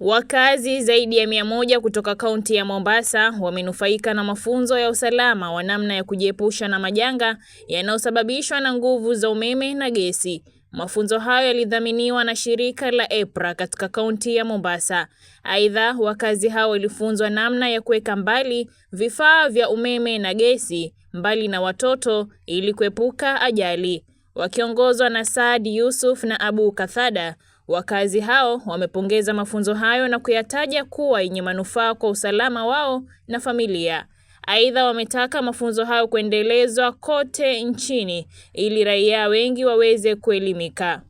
Wakazi zaidi ya mia moja kutoka kaunti ya Mombasa wamenufaika na mafunzo ya usalama wa namna ya kujiepusha na majanga yanayosababishwa na nguvu za umeme na gesi. Mafunzo hayo yalidhaminiwa na shirika la EPRA katika kaunti ya Mombasa. Aidha, wakazi hao walifunzwa namna ya kuweka mbali vifaa vya umeme na gesi mbali na watoto ili kuepuka ajali. Wakiongozwa na Saad Yusuf na Abu Kathada, Wakazi hao wamepongeza mafunzo hayo na kuyataja kuwa yenye manufaa kwa usalama wao na familia. Aidha, wametaka mafunzo hayo kuendelezwa kote nchini ili raia wengi waweze kuelimika.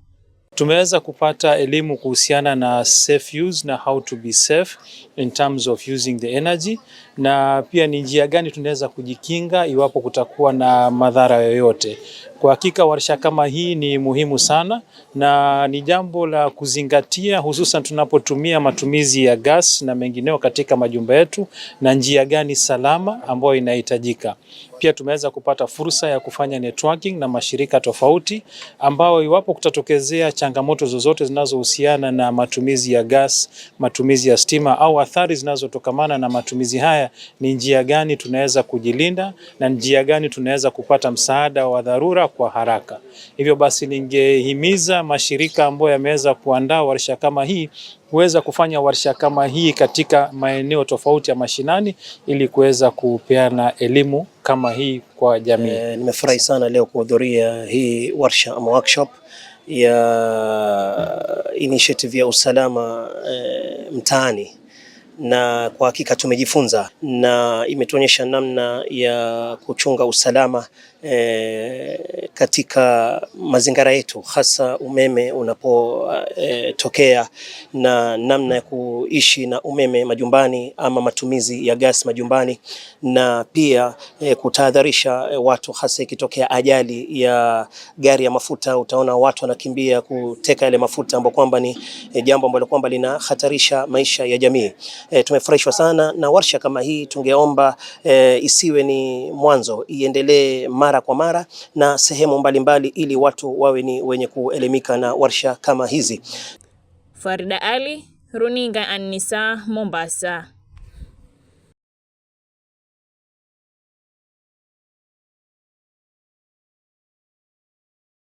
Tumeweza kupata elimu kuhusiana na safe use na how to be safe in terms of using the energy, na pia ni njia gani tunaweza kujikinga iwapo kutakuwa na madhara yoyote. Kwa hakika warsha kama hii ni muhimu sana na ni jambo la kuzingatia, hususan tunapotumia matumizi ya gas na mengineo katika majumba yetu, na njia gani salama ambayo inahitajika. Pia tumeweza kupata fursa ya kufanya networking na mashirika tofauti ambao iwapo kutatokezea changamoto zozote zinazohusiana na matumizi ya gas, matumizi ya stima au athari zinazotokamana na matumizi haya, ni njia gani tunaweza kujilinda na njia gani tunaweza kupata msaada wa dharura kwa haraka. Hivyo basi, ningehimiza mashirika ambayo yameweza kuandaa warsha kama hii kuweza kufanya warsha kama hii katika maeneo tofauti ya mashinani ili kuweza kupeana elimu kama hii kwa jamii. E, nimefurahi sana leo kuhudhuria hii warsha ama workshop ya initiative ya usalama e, mtaani na kwa hakika tumejifunza na imetuonyesha namna ya kuchunga usalama e, katika mazingira yetu, hasa umeme unapotokea e, na namna ya kuishi na umeme majumbani ama matumizi ya gas majumbani, na pia e, kutahadharisha eh, watu, hasa ikitokea ajali ya gari ya mafuta, utaona watu wanakimbia kuteka yale mafuta ambapo kwamba ni e, jambo ambalo kwamba linahatarisha maisha ya jamii. E, tumefurahishwa sana na warsha kama hii, tungeomba e, isiwe ni mwanzo, iendelee mara kwa mara na sehemu sehemu mbalimbali ili watu wawe ni wenye kuelimika na warsha kama hizi. Farida Ali, Runinga Anisa, Mombasa.